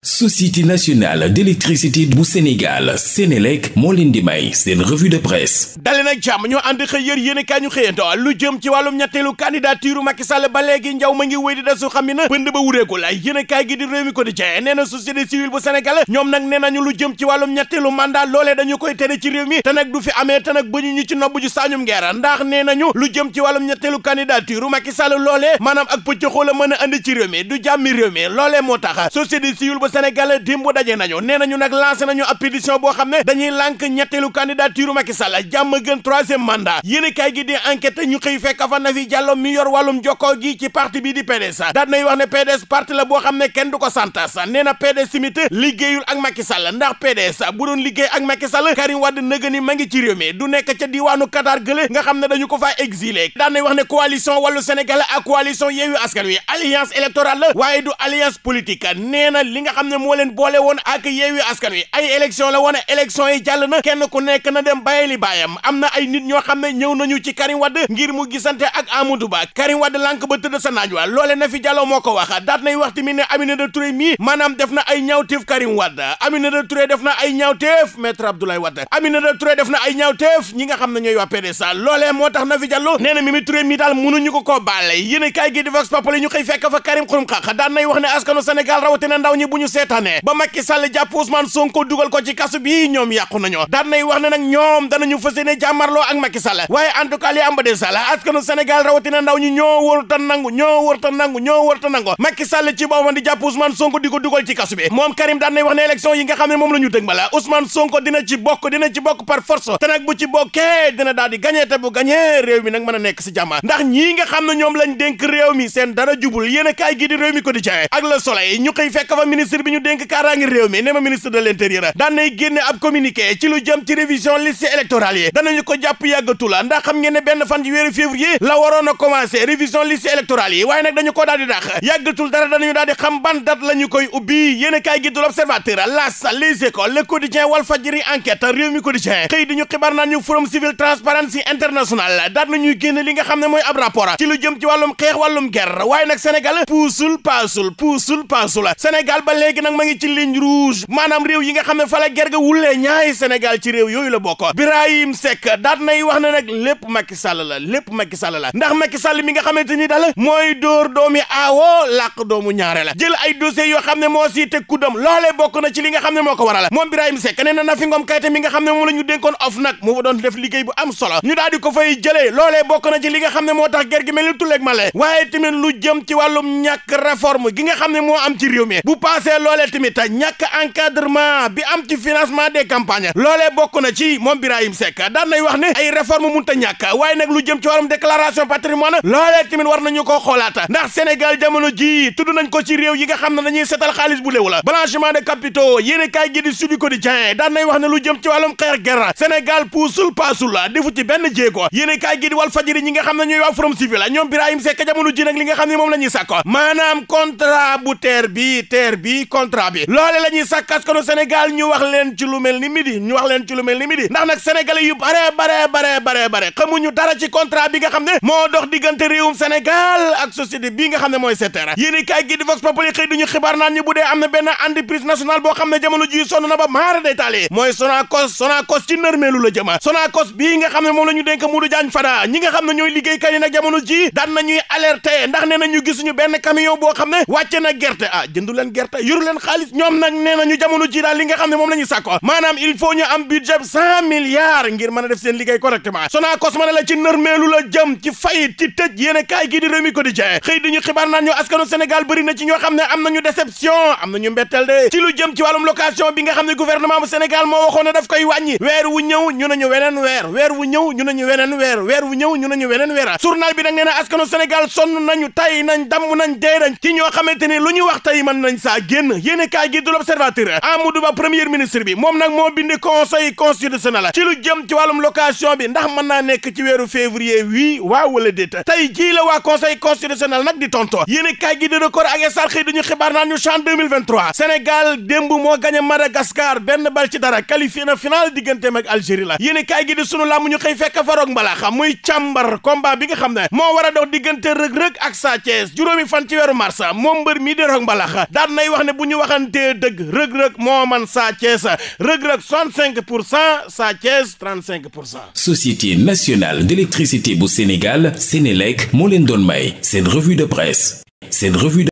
société nationale d'électricité bu Sénégal Sénélec moo leen di may seen revue de presse dale nag jàmm ñoo ànd xëy yër yéen ikaay ñu xëyanto lu jëm ci wàllum ñetteelu candidature Macky Sall ba léegi njaw ma ngi wéy di desu xam ne na bënd ba wureeku la yéen gi di Rewmi Quotidien nee na société civile bu Sénégal ñoom nag nee nañu lu jëm ci wàllum ñetteelu mandat loolee dañu koy tere ci réew mi te nag du fi amee te nag ba ñu ñu ci nobb ju saañum nee nañu lu jëm ci wàllum ñetteelu candidature Macky Sall loolee maanaam ak pëccëxoo la mën a andi jàmmi réew mi loolee tax société taxawu Sénégal dimb daje nañu nee nañu nag lancé nañu ab pétition boo xam ne dañuy lànk ñetteelu candidature Macky Sall jàmm gën troisième mandat yéen kay gi di enquête ñu xëy fekk fa Nafi Diallo mi yor wàllum jokkoo gi ci parti bi di PDS daan nay wax ne PDS parti la boo xam ne kenn du ko santas nee na PDS tamit liggéeyul ak Macky Sall ndax PDS bu doon liggéey ak Macky Sall Karim Wade nëga ni ma ngi ci réew mi du nekk ca diwaanu Qatar gële nga xam ne dañu ko faa exilé wax ne coalition wàllu Sénégal ak coalition Yewwi Askan Wi alliance waaye du alliance politique nee na li nga am na moo leen boole woon ak yeewi askan wi ay élection la woon élection yi jàll na kenn ku nekk na dem bàyyi li baayam am na ay nit ñoo xam ne ñëw nañu ci Karim Wade ngir mu gisante ak Amadou Ba Karim lan lànk ba sa naaj wa loole na fi jàlloo moo ko wax daat nay waxti mi ne Aminata Touré mii maanaam def na ay ñaawteef Karim Wade Aminata Touré def na ay ñaawteef maître Abdoulaye Wade Aminata Touré def na ay ñaawteef ñi nga xam ne ñooy waa PDS loolee moo tax na fi jàllo nee na Mimi Touré mi daal mënuñu ko koo baale yéen a kaay gi di Vox Sénégal rawatina ndaw ñi bu ñu ñu seetaane ba Macky Sall jàpp Ousmane Sonko dugal ko ci kasu bi ñoom yàqu nañu daan nay wax ne nag ñoom danañu fas yéene jàmmarloo ak Macky Sall waaye en tout cas li am ba de Sall askanu Sénégal rawatina ndaw ñu ñoo warta nangu ñoo warta nangu ñoo warta nangu Macky Sall ci boppam di jàpp Ousmane Sonko di ko dugal ci kasu bi moom Karim daan nay wax ne élection yi nga xam ne moom la ñu dëg bala Ousmane Sonko dina ci bokk dina ci bokk par force bu ci bokkee dina daal di a nekk si jàmm ndax mi seen a kaay gi ministre bi ñu dénk kaaraange réew mi ne ma ministre de l'intérieur daan nay la waroon a commencé révision liste électorale yi di dax yàggatul dara danañu daal di xam ban date la ñu koy ubbi yéen a kaay gi du l'observateur las les écoles le quotidien Walfadjri enquête réew mi quotidien xëy di ñu xibaar naan ñu forum civil transparency international daan nañuy génne li nga xam ne mooy ab rapport ci jëm ci wàllum xeex wàllum guerre waaye nag Sénégal puusul léegi nag ma ngi ci ligne rouge maanaam réew yi nga xam ne fa la ger ga wulee ñaay Sénégal ci réew yooyu la bokk Birahim Seck daat nay wax ne nag lépp Macky Sall la lépp Macky Sall la ndax Macky Sall mi nga xamante ni dal mooy dóor doomi aawoo làq doomu ñaare la jël ay dossiers yoo xam ne moo si teg kuddam loolee bokk na ci li nga xam ne moo ko waral moom Birahim Seck nee na Nafi Ngom Keïta mi nga xam ne moom la ñu dénkoon OFNAC mu fa doon def liggéey bu am solo di ko fay jëlee loolee bokk li nga xam ne moo tax ger gi mel ni tulleeg male waaye tamit lu jëm ci wàllum ñàkk réforme gi nga xam ne moo am ci réew mi waaye loolee tamit ñàkk encadrement bi am ci financement des campagnes loolee bokk na ci moom Birahim Seck daan nay wax ne ay réforme mënut a ñàkk waaye nag lu jëm ci wàllum déclaration patrimoine loolee tamit war nañu xoolaata ndax Sénégal jamono ji tudd nañ ko ci réew yi nga xam ne dañuy setal xaalis bu léwu la blanchiment de capitaux yéene kaay gi di Sud Quotidien daan nay wax ne lu jëm ci wàllum xeex guerre Sénégal puusul paasul la defu ci benn jéego yéene kaay gi di ñi nga xam ne ñooy waa Forum Civil ñoom Birahim Seck jamono ji nag li nga xam ne moom la ñuy sàkko maanaam contrat bu terre bi terre bi contrat bi loole la ñuy sàkk askanu Sénégal ñu wax leen ci lu mel ni midi ñu wax leen ci lu mel ni midi ndax nag sénégalais yu bare bare bare bare bare xamuñu dara ci contrat bi nga xam ne moo dox diggante réewum Sénégal ak société bii nga xam ne mooy SETERA yéen kaay gi di Vox Populi xëy benn entreprise nationale boo xam ne jamono ji sonn na ba maara day taali mooy Sonacos Sonacos ci nërmeelu la jëma Sonacos bii nga ne moom la ñu dénk Modou Diagne nga xam ne ñooy liggéeykat yi na jamono ji daan nañuy alerté ndax nee nañu gisuñu benn camion boo xam ne wàcce na gerte ah jëndu leen gerte yoru leen xaalis ñoom nag nee na ñu jamono li nga xam ne moom la ñuy maanaam il faut ñu am budget cent milliards ngir mën a def seen liggéey correctement Sonacos ma ne la ci nërmeelu la jëm ci fayit ci tëj yéen a kaay gii di Rewmi Quotidien xëy di ñu xibaar naan ñu askanu Sénégal bëri na ci ñoo xam ne am nañu déception am nañu mbetteel de ci lu jëm ci wàllum location bi nga xam ne gouvernement bu Sénégal moo waxoon ne daf koy wàññi weer wu ñëw génn yéen i kaay gi du l'observateur premier ministre bi moom nag moo bindi conseil constitutionnel ci lu jëm ci wàllum location bi ndax mën naa nekk ci weeru février wii waaw wala déet tey jii la waa conseil constitutionnel nag di tonto yéen i kaay gi di record ak sar xëy dañu xibaar naan ñu CHAN 2023 Sénégal démb moo gagné Madagascar benn bal ci dara qualifié na final digganteem ak Algérie la yéen i kaay gi di sunu làmb ñu xëy fekk faroog mbalax muy càmbar combat bi xam ne moo war a dox diggante rëg-rëg ak Sa Thiès juróomi fan ci weeru mars moom mbër mi di roog mbalax daan ne bu ñu waxantee dëgg reg rëg moo man reg Thiès rëg-rëg 65 pour cent Sa Thiès cinq pour cent. Société nationale d'électricité bu Sénégal Sénélec moo leen doon may seen revue de presse seen revue